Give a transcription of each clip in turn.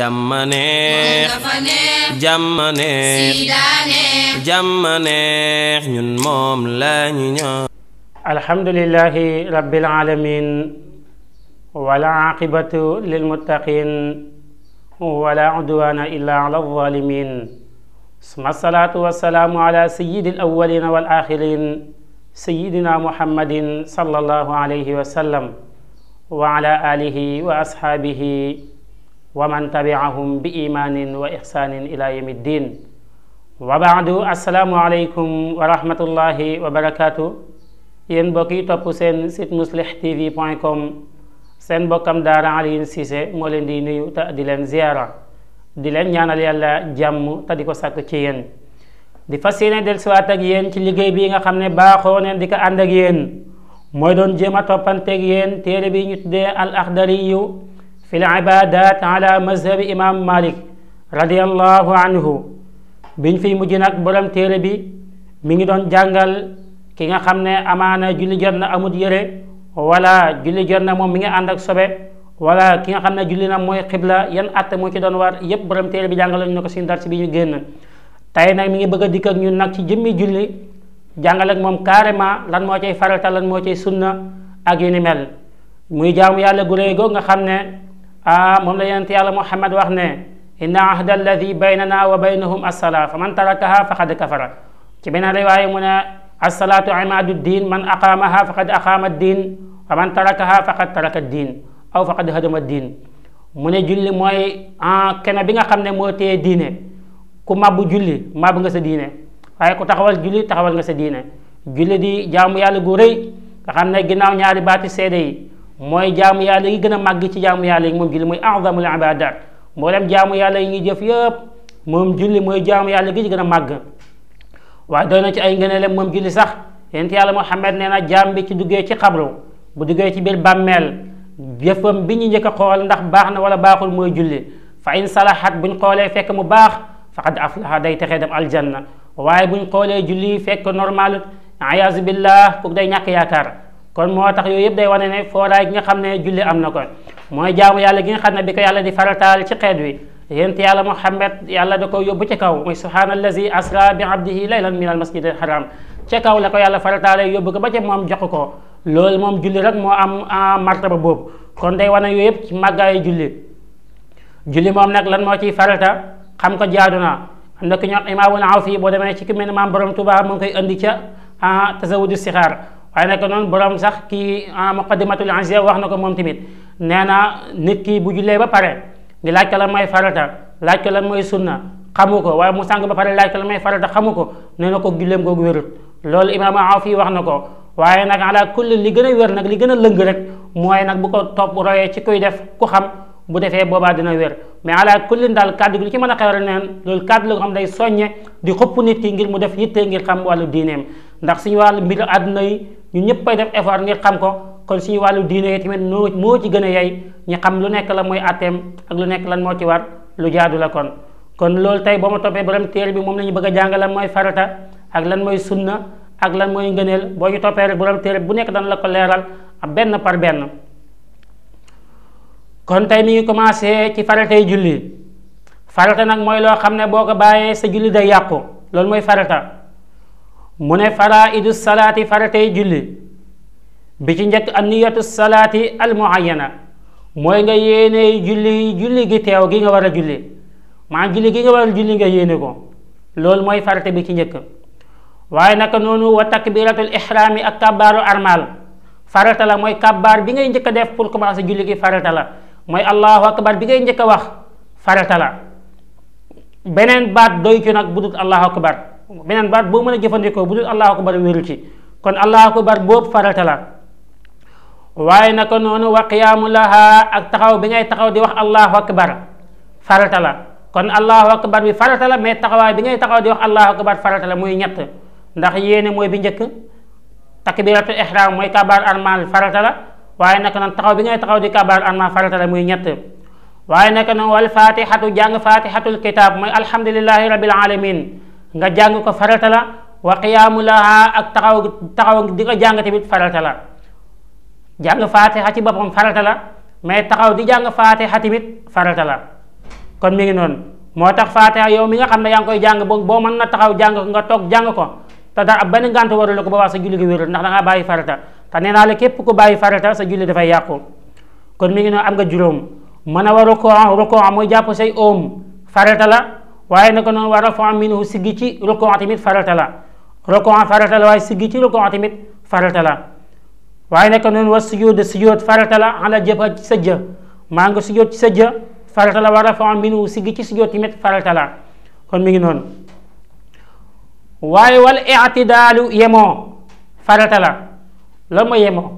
jàmmaneex jàmmaneex jàmmaneex ñun moom lañu ñaan alhamdulillahi rabbil alamin wala aqibatu lil muttaqin wala udwana illa ala zalimin suma salaatu wasalaamu ala sayidi al awalina wal axirin sayidina muhammadin sallallahu alayhi wa sallam wa ala alihi wa ashaabihi wa man tabiahum bi imaanin wa ixsaanin ila yawmi ddin wa baadu assalaamu aleykum wa rahmatullahi wa barakaatu yéen mbokk yi topp seen site mouslih tv com seen mbokkam daara Alioune Cissé moo leen di nuyu te di leen ziyaara di leen ñaanal yàlla jàmm te di ko sàkk ci yéen di fas yéene dellusiwaat ak yéen ci liggéey bi nga xam ne baaxoo di ko ànd ak yéen mooy doon jéem a toppanteeg yéen téere bi ñu al axdari fi l ibadat ala mazhabi imam malik radiallahu anhu biñ fi mujj nag borom téere bi mu ngi doon jàngal ki nga xam ne amaana julli jot na amut yére wala julli jot na moom mi ngi ànd ak sobe wala ki nga xam ne julli na mooy xibla yan att moo ci doon war yépp borom téere bi jàngaloon ñu ne ko sin dars bi ñu génn tey nag mi ngi bëgg a dikk ak ñun nag ci jëmmi julli jàngal ak moom carrément lan moo cay farata lan moo cay sunna ak yu ni mel ah moom la yonent yàlla Muhammad wax ne inna ahda alladi baynana wa baynahum assalaa fa man tarakaha faqad kafara ci benn riwaaya mu ne assalaatu imaadu diin man aqaamaha faqad aqaama diin wa man tarakaha faqad taraka diin aw faqad hadama diin mu ne julli mooy ah, kene bi nga xam ne moo téye diine ku mabbu julli mabbu nga sa diine waaye ku taxawal julli taxawal nga sa diine julli di jaamu yàlla gu rëy nga ne ginnaaw ñaari baati seede mooy jaamu yàlla yi gën a màgg ci jaamu yàlla yi moom julli mooy azamul ibadat mboolem jaamu yàlla yi ñuy jëf yëpp moom julli mooy jaamu yàlla gi ci gën a màgg waaye doy na ci ay ngëneelam moom julli sax yonent yàlla Muhammad nee na jaam bi ci duggee ci xabru bu duggee ci biir bàmmeel jëfam bi ñu njëkk a xool ndax baax na wala baaxul mooy julli fa in salahat buñ xoolee fekk mu baax faqad aflaha day texe dem aljanna waaye buñ xoolee julli fekk normal ayasu billah day ñàkk yaakaar kon moo tax yooyu yëpp day wane ne fooraay gi nga xam ne julli am na ko mooy jaamu yàlla gi nga xam ne bi ko yàlla di farataal ci xeet wi yent yàlla Muhammad yàlla da ko yóbbu ci kaw mooy subhaanallazi asra bi abdihi laylan min al masjidil haram ca kaw la ko yàlla farataale yóbbu ko ba ca moom jox ko loolu moom julli rek moo am martaba boobu kon day wane yooyu yëpp ci màggaayu julli julli moom nag lan moo ciy farata xam ko jaadu naa am na ku ñoom imaamul aw boo demee ci ku maam borom Tuubaa mu ngi koy indi ca tasawudu sixaar waaye nag noonu borom sax kii ah, muqaddimatul ansiya wax na ko moom tamit nee na nit kii bu jullee ba pare di laaj ko la mooy farata laaj ko la mooy sunna xamu ko waaye mu sàng ba pare laaj ko la mooy farata xamu ko nee na ko julleem googu wérut loolu imaam Aw fii wax na ko waaye nag ala kulli li gën a wér nag li gën a lëng rek mooy nag bu ko topp royee ci kuy def ku xam bu defee boobaa dina wér mais ala kullin daal kàddu gi lu ci mën a xew rek neen loolu kàddu la ko di xëpp nit ki ngir mu def yitte ngir xam wàllu ndax suñu wàllu mbir àdduna yi ñu ñëpp ay def effort ngir xam ko kon suñu wàllu diine yi tamit noo moo ci gën a yey ñu xam lu nekk la mooy àtteem ak lu nekk lan moo ci war lu jaadu la kon kon loolu tey boo ma toppee borom téere bi moom la ñu bëgg a jàngal lan mooy farata ak lan mooy sunna ak lan mooy ngëneel boo ñu toppee rek borom téere bu nekk dana la ko leeral benn par benn kon tey mi ngi commencé ci faratay julli farata nag mooy loo xam ne boo ko bàyyee sa julli day loolu mooy farata mu ne faraidu salaati faratey julli bi ci njëkk anniyatu salaati almuayana mooy nga yéene julli julli gi teew gi nga war a julli maa julli gi nga war a julli nga yéene ko loolu mooy farate bi ci njëkk waaye naka noonu wa takbiratul ak kabbaaru armal farata la mooy kabbaar bi ngay njëkk def pour commencer julli gi farata la mooy allahu akbar bi ngay njëkk a wax farata la beneen baat doy nag budut allahu akbar beneen baat boo mën a jëfandikoo bu dul allahu akbar wérul ci kon allahu akbar boobu farata la waaye naka noonu wa qiyaamu laha ak taxaw bi ngay taxaw di wax allahu akbar farata la kon allahu akbar bi farata la mais taxawaay bi ngay taxaw di wax allahu akbar farata la muy ñett ndax yéene mooy bi njëkk takbiratu ihram mooy kabaar armal farata la waaye naka noonu taxaw bi ngay taxaw di kabaar armal farata la muy ñett waaye naka noonu wal fatihatu jàng fatihatul kitab mooy alhamdulillahi rabbil alamin nga jàng ko farata la wa qiyaamu laha ak taxaw taxaw di ko jàng tamit farata la jàng faatiha ci boppam farata la mais taxaw di jàng faatiha tamit farata la kon mi ngi noonu moo tax faatiha yow mi nga xam ne yaa ngi koy jàng boo boo mën na taxaw jàng nga toog jàng ko te dara ab benn ngànt warul la ko boobaa sa julli gi wérul ndax da ngaa bàyyi farata te nee naa la képp ku bàyyi farata sa julli dafay yàqu kon mi ngi noonu am nga juróom mën a war rukkoo rukkoo muy jàpp say oom farata waaye naka noonu wa rafa minhu siggi ci rukon tamit farata la rukon farata la waaye siggi ci rukon tamit farata waaye naka noonu wa sujud sujud farata la ala ci sa jë maa ngi sujud ci sa jë farata la wa rafa minhu siggi ci sujud tamit farata kon mi ngi noonu waaye wal i'tidaalu yemoo yemo la la ma yemoo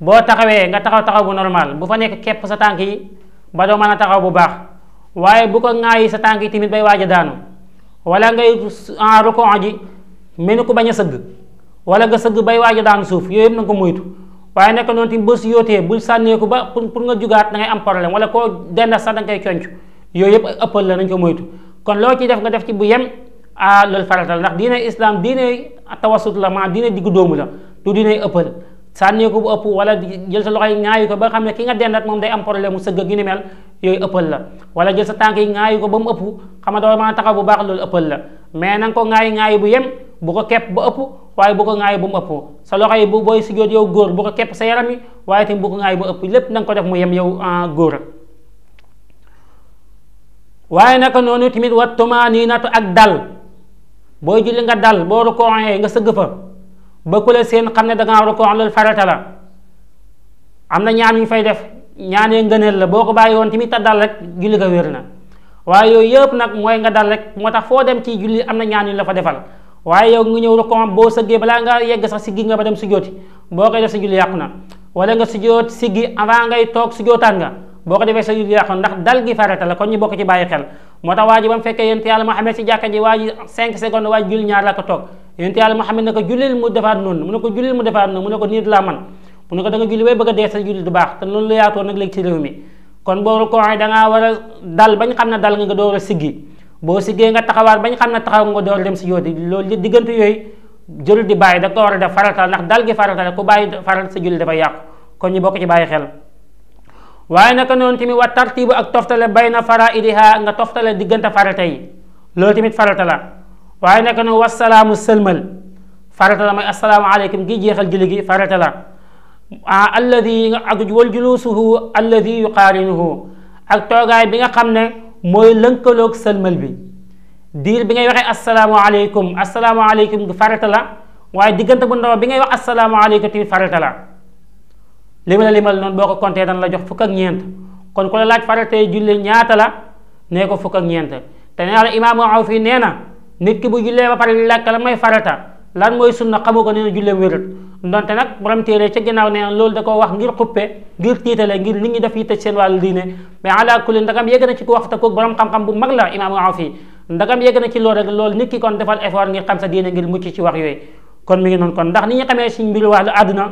boo taxawee nga taxaw taxaw bu normal bu fa nekk képp sa tànk yi ba doo mën a taxaw bu baax waaye bu ko ŋaayi sa tànk yi tamit bay waaj a daanu wala ngay en rukon ji mel ni ku bañ a sëgg wala nga sëgg bay waaj a daanu suuf yooyu yëpp na ko moytu waaye nekk noonu tamit boo si yootee bul sànneeku ba pour pour nga jugaat da ngay am problème wala koo denda sax da nga conc yooyu yëpp ëppal la nañ ko moytu kon loo ciy def nga def ci bu yem a ah loolu faratal ndax diine islam diine tawasut la maanaam diine diggu dóomu la du diine ëppal sànnee ko bu ëpp wala jël sa loxo yi ŋaayu ko ba xam ne ki nga dendat moom day am problème mu sëgg ak yu ni mel yooyu ëppal la wala jël sa tànk yi ŋaayu ko ba mu ëpp xam nga doo mën a taxaw bu baax loolu ëppal la mais na ko ŋaayu ŋaayu bu yem bu ko kepp ba ëpp waaye bu ko ŋaayu bu mu ëpp sa loxo yi bu booy siggéet yow góor bu ko kepp sa yaram yi waaye tamit bu ko lépp na nga ko def mu yem yow góor waaye naka noonu tamit wa tumaaniinatu ak dal booy julli nga dal boo rukkoo nga sëgg fa ba ku la seen xam ne da ngaa rukoo loolu farata la am na ñaan ñu fay def ñaanee ngëneel la boo ko bàyyi woon tamit te dal rek julli ko wér na waaye yooyu yëpp nag mooy nga dal rek moo tax foo dem ci julli am na ñaan yu la fa defal waaye yow nga ñëw rukoo boo sëggee balaa ngaa yegg sax gii nga ba dem sujjóoti boo koy def sa julli yàqu na wala nga sujjóot siggi avant ngay toog sujjóotaan nga boo ko defee sa julli yàqoon ndax dal gi farata la kon ñu bokk ci bàyyi xel moo tax waa ji ba mu fekkee yonent yàlla Muhammad si jàkka ji waa ji 5 secondes waa ji julli ñaar la ko toog yonent yàlla Muhammad ne ko jullil mu defaat noonu mu ne ko jullil mu defaat noonu mu ne ko niit laa mu ne ko da nga julli a dee boo a dal bañ xam nga nga door boo siggee nga taxawaat bañ xam ne taxaw nga door dem si yoon loolu diggante yooyu jël di bàyyi da ko war a def farata ndax dal gi farata la ku bàyyi farata sa dafa yàqu kon ñu bokk ci bàyyi xel waaye naka noonu tamit wa tartibu ak toftale bayna faraidiha nga toftale diggante farata yi loolu tamit farata la waaye naka noonu wasalaamu sëlmal farata la mooy assalaamu aleykum gi jeexal julli gi farata la ah ak wal julusuhu alladi yuqaarinuhu ak toogaay bi nga xam ne mooy lënkaloog sëlmal bi diir bi ngay waxee assalaamu aleykum assalaamu aleykum farata diggante bu ndaw bi ngay wax assalaamu aleykum tamit farata li la limal noonu boo ko compté dan la jox fukk ak kon ku la laaj faratay julli ñaata la nee ko fukk ak te nee la nee na nit ki bu jullee ba pare lekk la may mooy sunna na julleem wérut ndonte nag borom téere ca ginnaaw nee na loolu da ko wax ngir xuppe ngir tiitale ngir nit ñi daf yi tëj seen wàllu diine mais ala kulli ndagam na ci ku waxta ko borom bu mag la imaamu aw fii ndagam yegg na ci loolu rek loolu nit ki kon defal effort ngir xam sa diine ngir mucc ci wax yooyu kon mi ngi noonu kon ndax ni ñu xamee suñ mbiru wàllu àdduna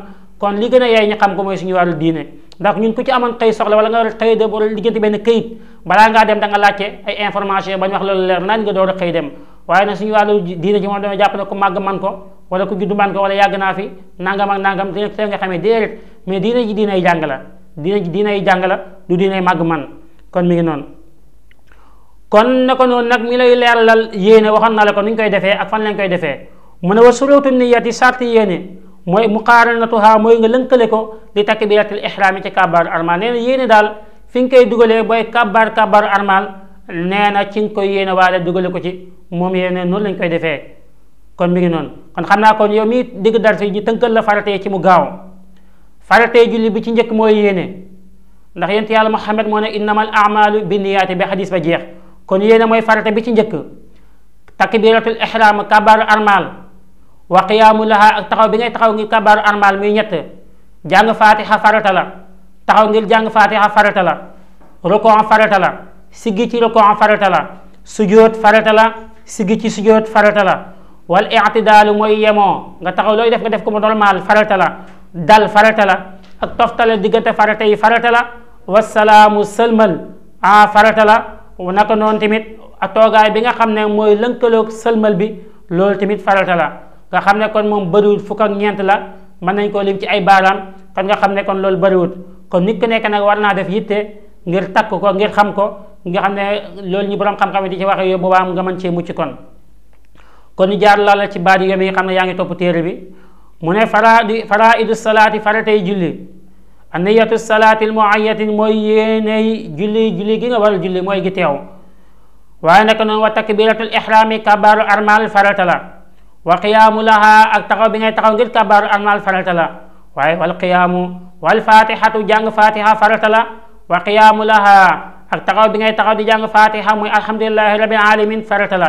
kon li gën a yaay ñu xam ko mooy suñu wàllu diine ndax ñun ku ci amoon xëy soxla wala nga war xëy dem wala diggante benn këyit balaa ngaa dem da nga ay information bañ wax loolu leer a xëy dem waaye nag suñu wàllu diine ci moom dañoo jàpp ne ku màgg man ko wala ku man ko wala yàgg naa fi nangam ak nangam te nga xamee déedéet mais la diine ji diinay jàng la du diinay ko nag mi lay leeralal yéene waxoon na la ko ni ñu koy defee ak fan lañ koy defee mu ne wa suróotu niyati sarti yéene mooy muqaaranatuha mooy nga lënkale ko li takbiratul ihraam ci kàbbaaru armal nee na yéene daal fi nga koy dugalee booy kàbbaar kàbbaaru armal nee na ci nga koy yéene waale dugale ko ci moom yéene noonu lañ koy defee kon mi ngi noonu kon xam naa kon yow mii digg dar si ñu tënkal la faratee ci mu gaaw faratee julli bi ci njëkk mooy yéene ndax yent yàlla Muhammad moo ne innamal amalu binniyaati be xadis ba jeex kon yéene mooy farate bi ci njëkk takbiratul ihraam kàbbaaru wa qiyaamu laha ak taxaw bi ngay taxaw ngir kabaaru armal muy ñett jàng faatixa farata la taxaw ngir jàng faatixa farata la rokon farata la siggi ci rokon farata la sujjóot farata la siggi ci sujjóot farata la wal i'tidaalu mooy yemoo nga taxaw looy def nga def ko mu normal farata la dal farata la ak toftale diggante farata yi farata la wasalaamu sëlmal a farata la naka noonu tamit a toogaay bi nga xam ne mooy lënkaloog sëlmal bi loolu tamit farata la nga xam ne kon moom bëriwul fukk ak ñeent la mën nañ koo lim ci ay baaraam kon nga xam ne kon loolu bëriwul kon nit ku nekk nag war naa def yitte ngir takk ko ngir xam ko nga xam ne loolu ñu borom xam-xam di ci waxe yooyu boobaa nga mën cee mucc kon kon ñu jaar la ci baat yooyu yi xam ne yaa ngi topp téere bi mu ne faraidi faraidu salaati faratay julli anniyatu salaati al muayyatin mooy yéeney julli julli gi nga war a julli mooy wa takbiratul ihrami kabaaru wa qiyaamu laha ak taxaw bi ngay taxaw ngir kabaaru armal farata la waaye wal qiyaamu wal fatihatu jàng fatiha farata la wa qiyaamu laha ak taxaw bi ngay taxaw di jàng fatiha muy alhamdulilahi rabbil alamin farata la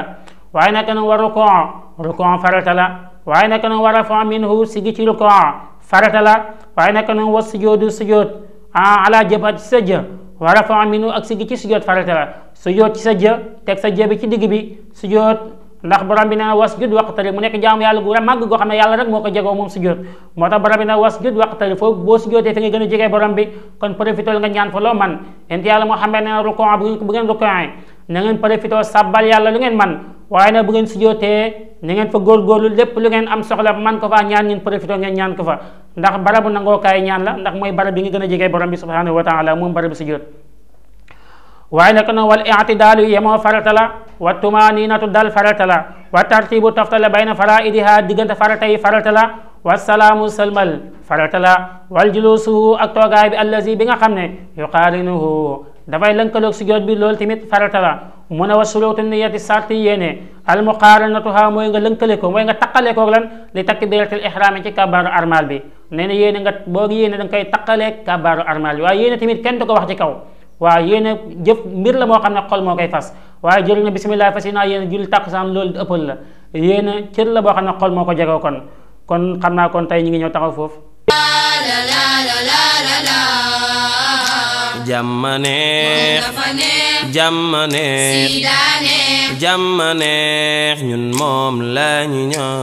waaye naka noonu wa rukuu rukuu farata la waaye naka noonu wa rafa minhu sigi ci la waaye naka noonu wa sujoodu sujood ala jëbat ci sa jë wa rafa minhu ak sigi ci sujood farata la sujood ci sa jë teg sa jë bi ci digg bi sujood ndax borom bi nee na wasjud waqtarib mu nekk jaamu yàlla gu màgg goo xam ne yàlla rek moo ko jegoo moom sujjóot moo tax borom na wasjud waqtarib foofu boo sujjóotee fi nga gën a jegee borom bi kon profitool nga ñaan fa loo man ent yàlla moo xam ne nee na rukon bu ngeen rukoe na ngeen profitoo sabbal yàlla lu ngeen man waaye nag bu ngeen sujjóotee na fa góorgóorlu lépp lu ngeen am soxla man ko faa ñaan ngeen profitoo ngeen ñaan ko fa ndax barabu nangookaay ñaan la ndax mooy barab bi nga gën a jegee borom bi subhanahu wa taala waaye nag na wal i'tidaalu yemoo farata la wa tumaaniinatu dal farata la wa tartibu toftale bayna faraidiha diggante farata yi farata la wa salaamu sëlmal farata la wal juluusu ak toogaay bi allazi bi nga xam ne yuqaarinuhu dafay lënkaloog sujjóot bi loolu tamit farata la mu ne wa suruutu niyati sarti yéene al muqaaranatuha mooy nga lënkale ko mooy nga taqale koog lan li takbiratil ihraam ci kabaaru armal bi nee na yéene nga boog yéene da nga koy taqalee kabaaru armal bi waaye yéene tamit kenn du ko wax ci kaw waaw yéene jëf mbir la boo xam ne xol moo koy fas waaye jël na bisimilah fas yi naa yéene jul takkusaan loolu ëppal la yéene cër la boo xam ne xol moo ko jegoo kon kon xam naa kon tey ñu ngi ñëw taxaw foofu jàmmane jàmmane jàmmane ñun moom lañu ñoo